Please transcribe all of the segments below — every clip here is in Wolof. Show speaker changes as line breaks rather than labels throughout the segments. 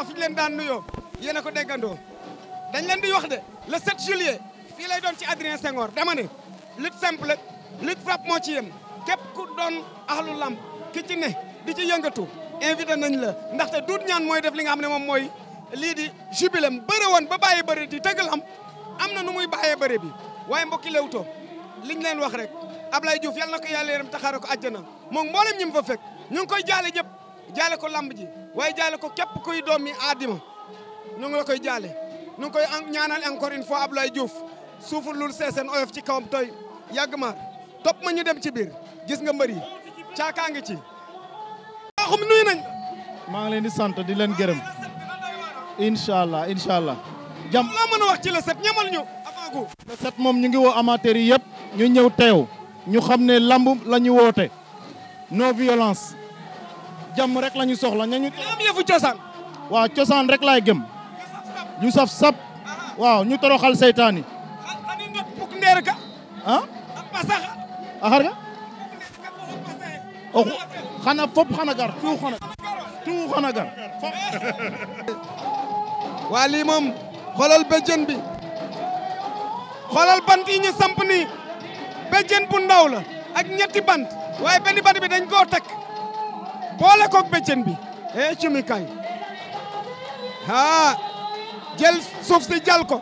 baax leen daan nuyoo yéen a ko déggandoo dañ leen di wax de le 7 juillet fii lay doon ci Adrien Senghor dama ne lutte simple lutte frappe moo ci yem képp ku doon axlu lamb ki ci ne di ci yëngatu invité nañ la ndaxte duut ñaan mooy def li nga xam ne moom mooy lii di jubilem bëre woon ba bàyyi bëre di tëgg lamb am na nu muy bàyyee bëre bi waaye mbokki Leewtoo liñ leen wax rek Ablaye Diouf yal na ko yàlla yërëm taxaare ko àjjana moom mboolem ñi mu fa fekk ñu ngi koy jaale jaale ko lamb ji waaye jaale ko képp kuy doomi aadima ñu ngi la koy jaale ñu ngi koy ñaanal encore une fois Abdoulaye Diouf suufu lul seeseen oyof ci kawam tooy yàgg maar topp ma ñu dem ci biir gis nga mbër yi caakaa ngi ci waaxum nuyu nañ maa ngi leen di sant di leen gërëm incha allah incha allah jam loo mën wax ci le set ñamal ñu avant moom ñu ngi woo amateur yi yëpp ñu ñëw teew ñu xam ne lamb la ñu woote non violence jàmm rek la ñu soxla ñañu am cosaan waaw cosaan rek lay gëm
ñu saf sap waaw ñu toroxal seytaan yi xani
ngot
a xar ga xana fop xana gar tu xana gar
waa lii moom xoolal béjjën bi xoolal bant yi ñu samp nii béjjën bu ndaw la ak ñetti bant waaye benn bant bi dañ koo takk boole koog bëccën bi e cumi kay aa jël suuf si jal ko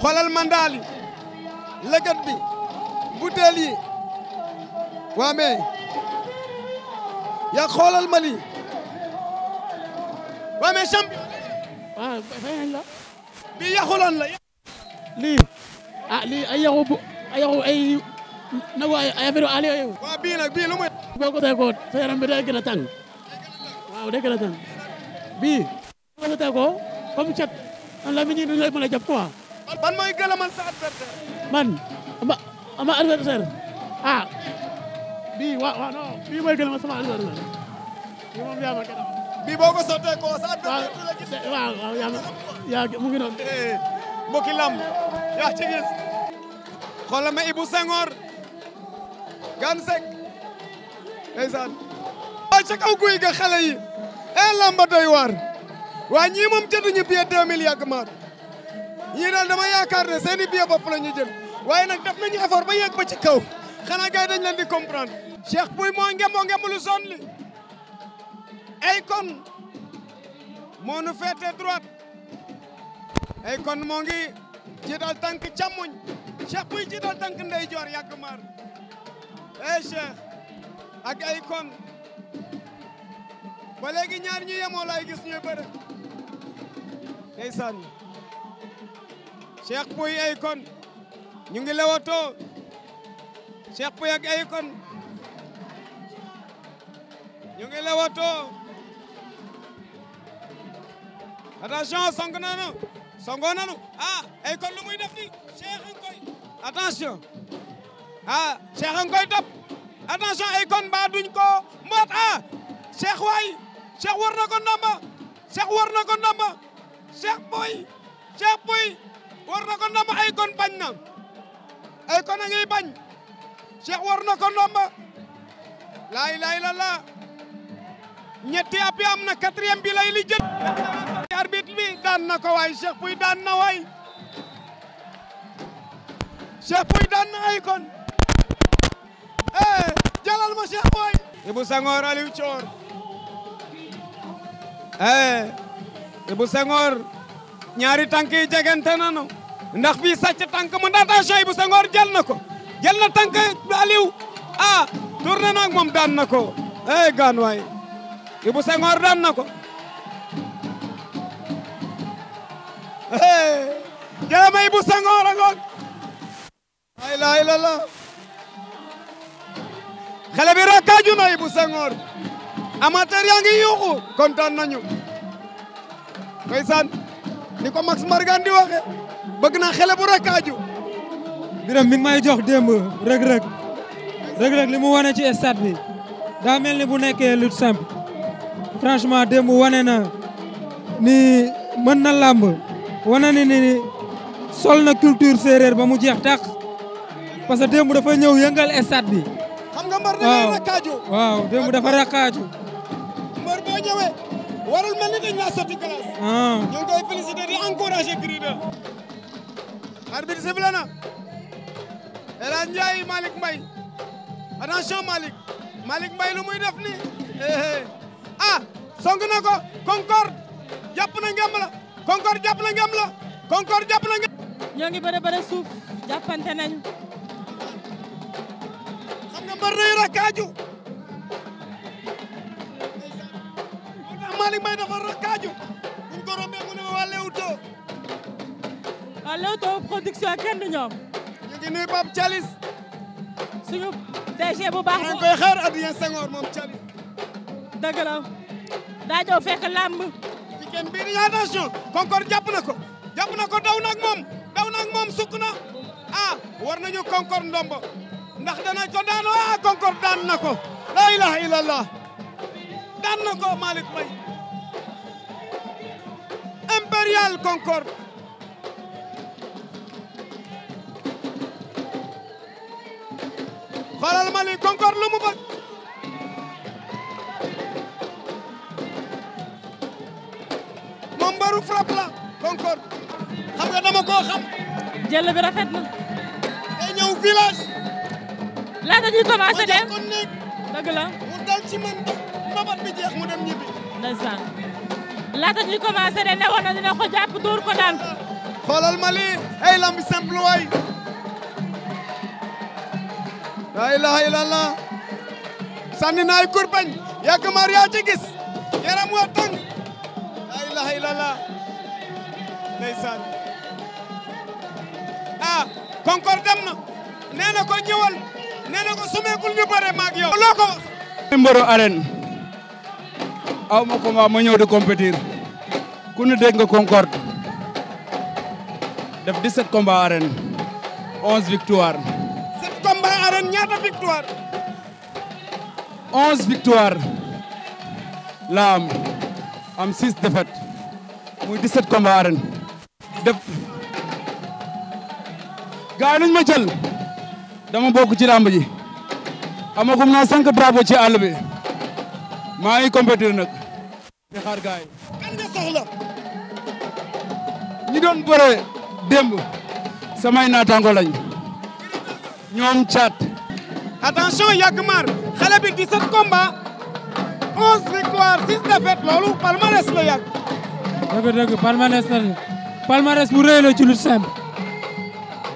xoolal mandaali lëgët bi butéel yi waa mais yaa xoolal ma lii waa mais champion
waaw ah, fay la bi yaxulan la lii ah lii ay yaxu ay yaxu ay na waaye ay yooyu. waaw bii nag bii lu boo ko tey sa yaram bi day gën a tàng waaw day gën a tàng bii. boo ko tey ko comme cat la mi ñu lay mën a jàpp quoi. ban mooy gëlamal sa adversaire. man ma ma adversaire ah, bii waaw waaw non bii mooy gëlamal sa adversaire la gis. waaw
yaa mu ngi noonu. Eh, mbokki ci gis. xoolal ma Ibou gan sek ndeysaan waaw ca kaw guy ga xale yi e lamba doy waar waa ñii moom jënduñu billet deux mille yàgg maar ñii daal dama yaakaar ne seen i billet bopp la waaye nag def nañu effort ba yegg ba ci kaw xanaa gars yi dañ leen di comprendre Cheikh Pouye moo ngemboo ngembulu zone li ay kon moo nu féete droite ay kon moo ngi jiital tànk càmmoñ Cheikh Pouye jiital tànk ndeyjoor yàgg maar ey Cheikh ak ay kon ba léegi ñaar ñu yemoo lay gis ñuy bëre ndeysaan Cheikh Pouye ay ñu ngi lewatoo Cheikh Pouye ak ay ñu ngi lewatoo attention song nanu songo nanu ah ay lu muy def ni Cheikh ngi ah Cheikh a ngi koy topp attention ay kon mbaa duñ ko mboot ah Cheikh waay Cheikh war na ko ndomba Cheikh war na ko ndomba Cheikh boy Cheikh boy war na ko ndomba ay kon bañ na ay kon a ngi bañ Cheikh war na ko ndomba laa ilaaha illallaah ñetti appui am na quatrième bi lay li jël arbitre bi daan na ko waay Cheikh Pouye daan na waay Cheikh Pouye daan na ay kon Senghor ma Cheikh Boy Ibou Senghor Aliou Thior eh Ibou Senghor ñaari tànk yi e nanu ndax bii sàcc tànk mu attention Ibou Senghor jël na ko jël na tànk Aliou ah tourné na ak moom daan na ko eh gaan waay Ibou Senghor daan na ko eh jërëma Ibou Senghor a ngoog ay ay la la xale bi rakkaaju na Ibou Senghor amateur yaa ngi yuuxu kontaan nañu ndeysaan
ni ko Max Mbargane di waxe bëgg naa xale bu rakkaaju biram mi ngi may jox démb Reug Reug li mu wane ci stade bi daa mel ni bu nekkee lutte simple franchement démb wane na ni mën na làmb wane na ni sol na culture séeréer ba mu jeex tàq parce que démb dafa ñëw yëngal stade bi
xam nga mbër da ngay rakkaaju
waaw démb dafa rakkaaju
mbër boo ñëwee warul mel ni dañ ah. ñu ngi koy di encouragé Gris 2 arbitre sifflé na El Hadj Ndiaye Malick Mbaye attention Malick Malick Mbaye lu muy def ni
eh, eh. Ah, song na ko Concorde jàpp na la Concorde jàpp na la Concorde jàpp na ngem ñoo ngi bëre bëre suuf jàppante nañu mbër day rakkaaju moo tax Malick rakkaaju buñ ko rombee mu ne ma waa Leewtoo waa Leewtoo production kenn du ñoom ñu ngi nuyu Pape Thialis suñu moom Thialis dëgg la fekk làmb ci kenn bii di attention Concorde na ko jàpp na ko daw nag moom daw nag moom sukk na ah war
nañu Concorde ndombo ndax danañ ko daan waa Concorde daan na ko la ilaha daan na ko Malick Mbaye impérial Concorde xoolal Malick Concorde lu mu bëgg
moom mbaru frappe la Concorde xam nga dama koo xam jël bi rafet na day ñëw village laata ñuy commencé dem ma mu dal ci man mbabat bi jeex mu dem ñibbi. ndeysaan laata ñuy commencé de ne woon na dina ko jàpp ko daan. xoolal ma lii lamb simple waay.
la ilaha illallah. sànni na ay kurbañ yàgg maar yaa ci gis yaram wa tàng la ilaha dem ah, na nee ko ñëwal. nee na ko sumeekul ñu bëre maag yow. loo ko. mbëru aw ma combat ma di compétir ku ñu dégg nga concorde def 17 combats arène 11 victoire. 7 combats arène ñaata victoire. 11 victoire la am am 6 défaites muy 17 combats arène def. gars yi ma jël. dama bokk ci làmb ji amagum naa cinq drapeaux ci àll bi maa ngi compétir nag
di xaar gars yi kan nga soxla
ñi doon bëre démb samay naataango lañ ñoom caat attention yàgg maar xale bi 17 combats
11 victoires 6 défaites loolu palmarès la yàgg dëgg dëgg palmarès la palmarès la ci lu simple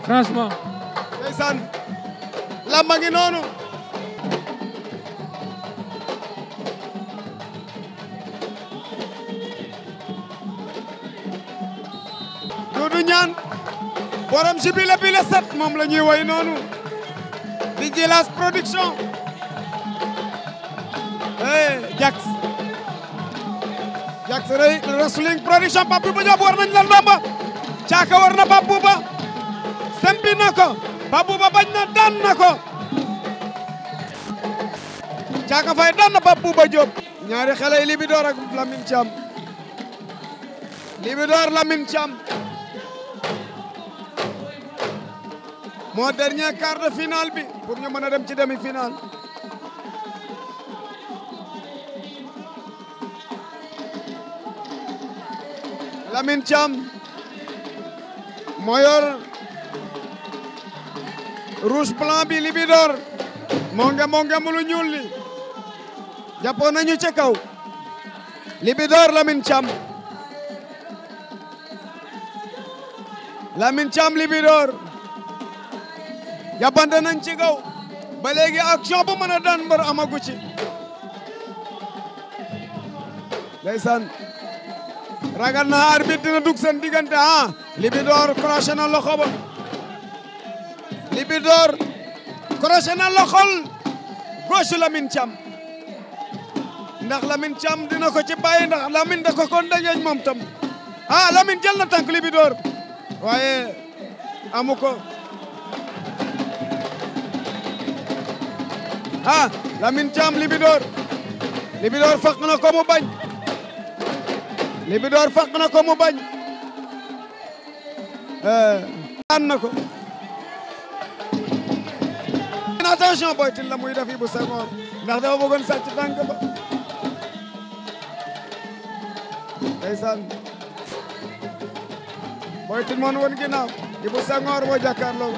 franchement làmb a ngi noonu
Doudou Niane borom si set moom la ñuy woy noonu di Djilass Production eh Jax Jax rey Wrestling Production Pape Bouba war nañ la ndomba caaka war na Pape Bouba sempi na Babou Ba bañ na daan na ko Caaka Faye daan na Babou Ba Diop ñaari xale yi ak Lamine Thiam Libidor Lamine Thiam moo dernier quart de finale bi pour ñu mën a dem ci demi-finale Lamine Thiam moo yor rouge blanc bi Libidor moo nge moo nge mu lu ñuul li jàppoon nañu ca kaw Libidor Lamine Thiam Lamine Thiam Libidor jàppante nañ ci kaw ba léegi action bu mën a daan mbër amagu ci ndeysaan ragal naa arbitre dina dugg seen diggante ah Libidor croché na loxo bi door crochet na loxol gauche Lamine Thiam ndax Lamine Thiam dina ko ci bàyyi ndax Lamine da ko kon dajeeñ moom tam ah Lamine jël na tànk li bi door waaye amu ko ah Lamine Thiam li bi door faq na ko mu bañ li faq na ko mu bañ eh, aan na ko attention Boy Tine la muy def Ibou Senghor ndax dafa bëggoon sàcc tànk ba ndeysaan Boy Tine moon woon ginnaaw Ibou Senghor moo jàkkaarloo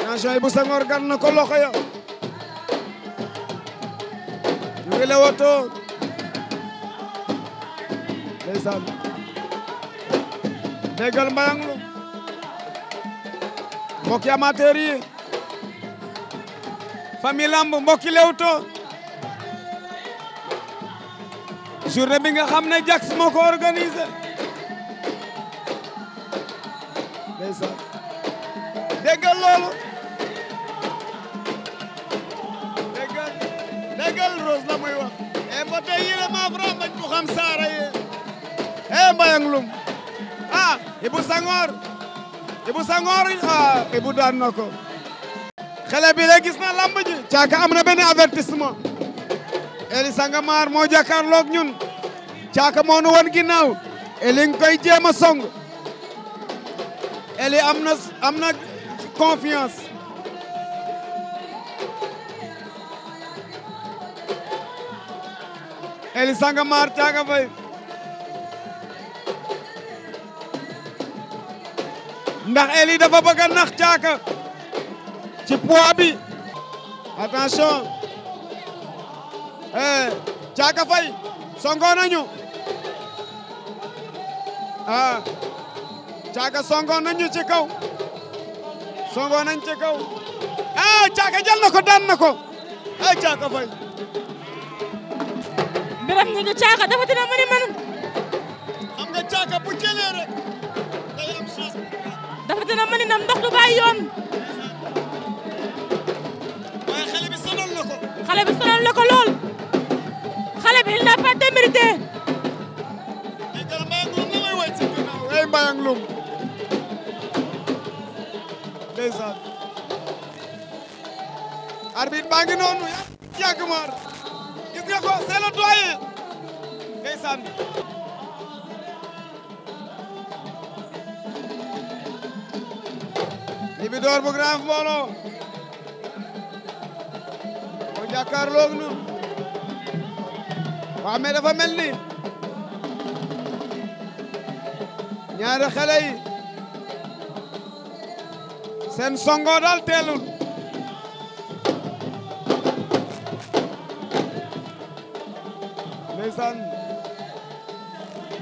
attention Ibou Senghor gan na ko loxo ya ñu ngi lewoto ndeysaan déggal mbayang lu mbokki amateur yi famille lamb mbokki Leewtoo journée bi nga xam ne Jax moo ko organisé ndeysaan loolu déggal déggal la muy wax e eh, ba tey yile ma fra bañ ko xam saara ye e eh, mbayang lum Ibou Senghor Ibou Senghor ah Ibou daan na ko xale bi gis na lamb ji caaka am na benn avertissement eli sanga maar moo jàkkaarloog ñun caaka moo nu woon ginnaaw eli nga koy jéem song eli am na am eli sanga maar caaka fay ndax Eli dafa bëgg a caaka ci poids bi attention caaka eh, fay songo nañu ah caaka songo nañu ci kaw songo nañ ci kaw
ah caaka jël na daan na ko caaka ah, fay. Biram ñu ngi caaka dafa dina mën a mën. caaka bu jëlee dina mën na ndox du bàyyi yoon. waaye xale bi sonal na ko. xale bi sonal na ko lool. xale bi il n'a pas démérité. ay dara mbayang lum la may wëcc ci ginnaaw ay mbayang lum. ndeysaan.
arbitre baa ngi noonu yàgg maar gis nga ko c'est le doyen ndeysaan. Libidor bu Grand Mbolo o jàkkaarloog nun waa mais dafa mel ni ñaari seen songo daal teelul ndeysaan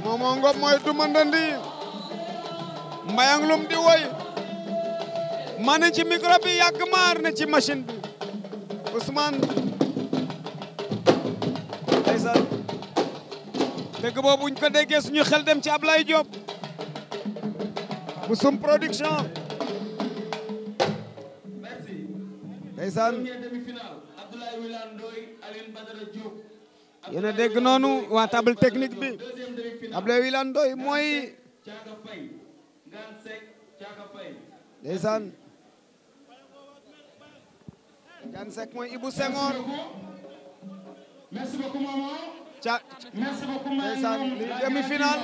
moomoo ngob mooy di woy ma ne ci micro bi yàgg na ci machine bi Ousmane ndeysaan dëgg boobu ñu ko déggee suñu xel dem ci Ablaye Diop bu sum production ndeysaan yéen a dégg noonu waa table technique bi Ablaye Wilane Ndoye mooy ndeysaan Thiane Seck mooy Ibou Senghor. merci beaucoup maman. ca merci beaucoup ndeysaan li demi-finale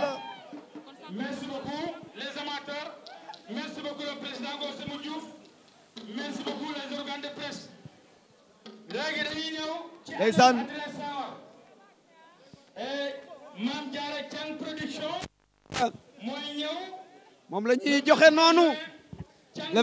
les amateurs. merci beaucoup le président Gossène Diouf. merci beaucoup les organes de presse. léegi dañuy ñëw. ndeysaan. Mame Diarra Thiam production. Ah. mooy ñëw. moom la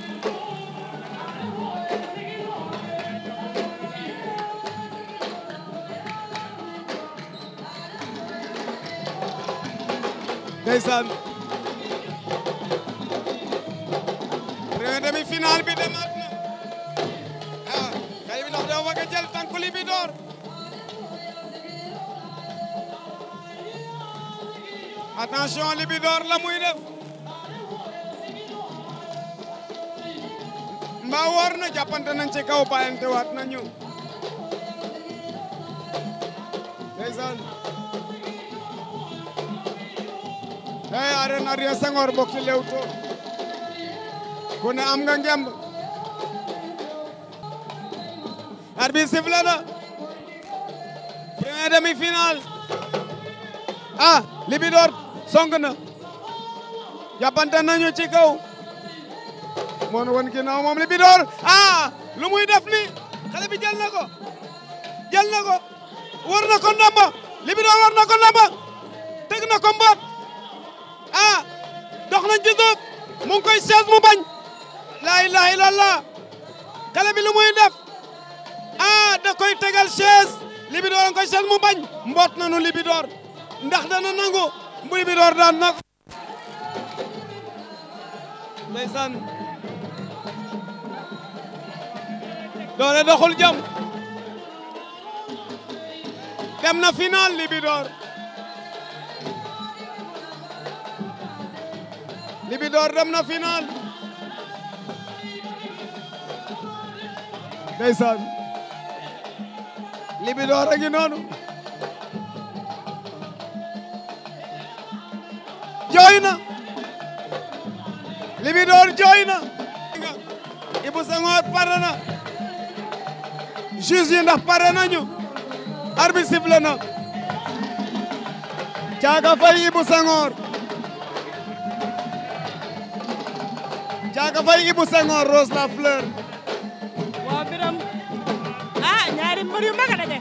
ndeysaan premier demi-finale bi na bi ah, ndax dafa bëgg a jël li bi door li bi la muy def mbaa woor na jàppante nañ kaw bàyyante waat nañu ndeysaan tey arène Adrien Senghor bokk ci Leewtoo ku ne am nga ngemb arbitre sifflé na premier demi-finale ah Libidor song na jàppante nañu ci kaw moo nu woon ginnaaw moom Libidor ah lu muy def ni xale bi na ko jël na ko war na ko ndamba war na ko teg na ko dox nañ ci suuf koy sees mu bañ laa ilaha illallah xale bi lu muy def ah da koy tegal chaise Libidor nga koy sees mu bañ mboot nañu Libidor ndax dana nangu bu Libidor daan na ko ndeysaan doole doxul jam dem na final Libidor Libidor dem na final. ndeysaan Libidor a ngi noonu. jooy na. Libidor jooy na. Ibou Senghor pare na. juge yi ndax pare na. Thiaka
Caaka Faye Ibou Senghor Rose la fleur. waaw biram ah ñaari mbër yu mag a daje.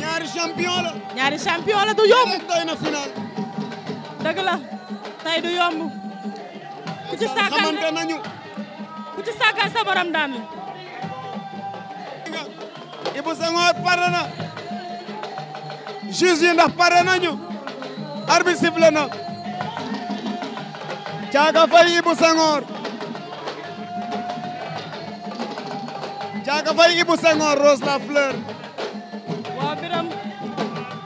ñaari champion la. ñaari champion du yomb. doy na final. dëgg du yomb. ku ci sàkkal sa borom daan la. Ibou Senghor pare na. juge yi ndax pare nañu. arbitre
na. Caaka Faye Ibou Senghor.
Diaka Faye Ibou Senghor Rose la fleur. waaw Biram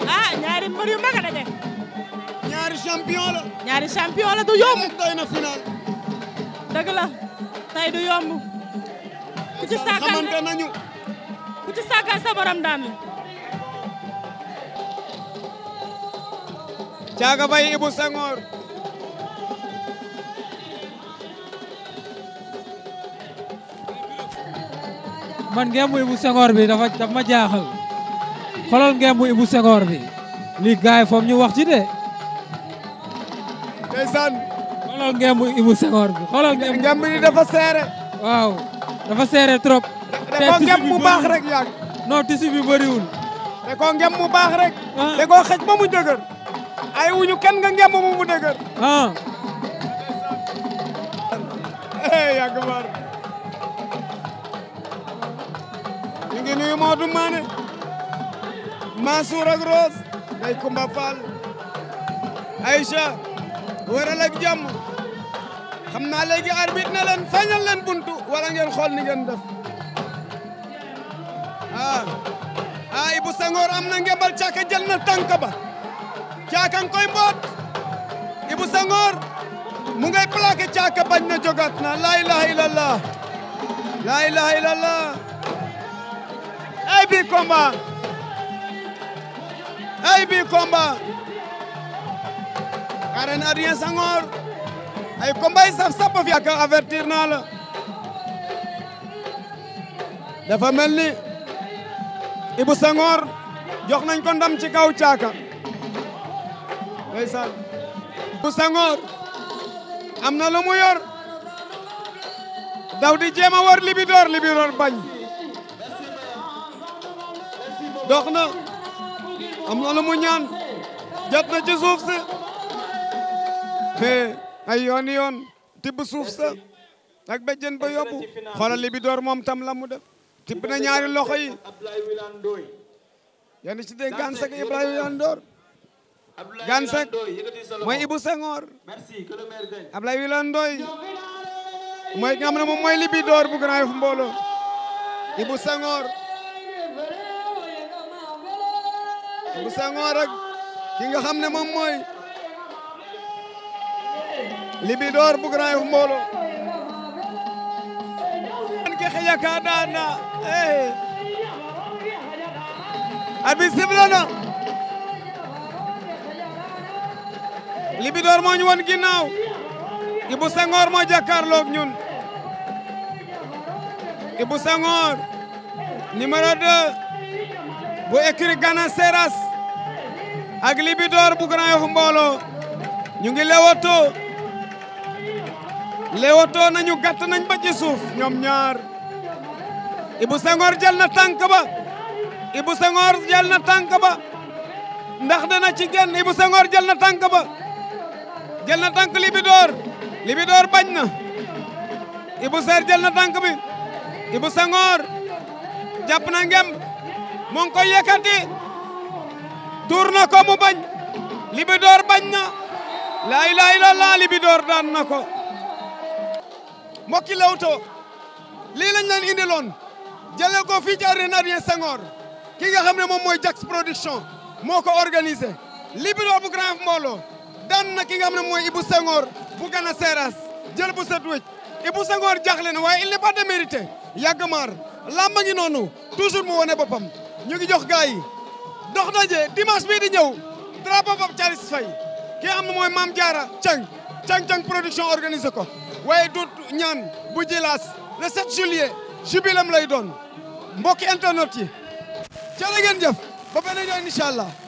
ah ñaari mbër yu mag ñaari champion ñaari champion du yomb. doy na final. dëgg la du yomb. ku ci saagal xamante nañu. ku ci saagal sa borom daan la. Diaka
man ngembu Ibou Senghor bi dafa dafa ma jaaxal xoolal ngembu Ibou Senghor bi lii gaay foog wax ci de. ndeysaan. xoolal ngembu Ibou Senghor bi xoolal. ngembu li dafa seere. waaw dafa seere trop. te ko ngem bu baax rek yàgg. non tissu bi bëriwul. te ko bu baax rek. te ah. ko xëj mu dëgër. ay wuñu kenn nga
ngem mu mu dëgër. Ah. nuyu Maodo Mané Mansour ak Rose ay Kumba Fall Aïcha wéral ak jàmm naa léegi arbitre na leen feeñal leen buntu wala ngeen xool ni ngeen def ah ah Ibou Senghor am na ngembal caaka jël na tànk ba caaka koy mboot Ibou Senghor mu ngay plaqué caaka bañ na jogaat na la ilaha illallah la ilaha illallah bi combat ay bi combat Arène Adrien Senghor ay combat yi saf sap fi ak avertir naa la dafa mel ni Ibou Senghor jox nañ ko ndam ci kaw caaka ndeysaan Ibou Senghor am na lu daw di jéem a war libidoor libidoor bañ dox na am na mu ñaan jot na ci suuf si mais ay yoon yoon tibb suuf sa ak béjjën ba yóbbu xoolal li moom tam la mu def tibb na ñaari loxo yi yéen ci dee Gansek Ibrahima Wilandoor Gansek mooy Ibou Senghor
Ablaye Wilandooy mooy nga xam ne
moom mooy libi door bu gën a yëf mbooloo Ibou
bu sangoor ak ki nga ne moom mooy
Libidor bu Grand Yoff
an ke xeƴa ka daana eh.
arbitre sifflé na Libidor moo ñu won ginnaaw Ibou Senghor moo jàkkaarloog ñun Ibou Senghor numéro 2 bu écrit Gana Seras ak Libidor bu Grand Yoff mbooloo ñu ngi lewoto lewoto nañu gatt nañ ba ci suuf ñoom ñaar Ibou Senghor jël na tànk ba Ibou Senghor jël na tànk ba ndax dana ci génn Ibou Senghor jël na tànk ba jël na tànk Libidor Libidor bañ na Ibou Ser jël na tànk bi Ibou Senghor jàpp na ngem mu ngi koy yëkkati tuur na ko mu bañ Libidor bañ na laa ilaaha illallaah Libidor daan na ko mbokki Leewtoo lii lañ leen indiloon ko fii ci arène Adrien Senghor ki nga xam ne moom mooy Jax production moo ko organisé Libidor bu Grand Mbolo daan na ki nga xam ne mooy Ibou Senghor bu Gana Seras jël bu set wecc Ibou Senghor jaaxle na waaye il n'est pas de mérite yàgg maar làmb noonu toujours mu wone boppam ñu ngi jox gars yi dox daje dimanche bii di ñëw drapeau Pape Thialis Faye ki am na mooy Mame Diarra Cang Cang Cang production organisé ko waaye du ñaan bu jilaas le 7 juillet jubilam lay doon mbokk internet yi ca ba beneen yoon incha allah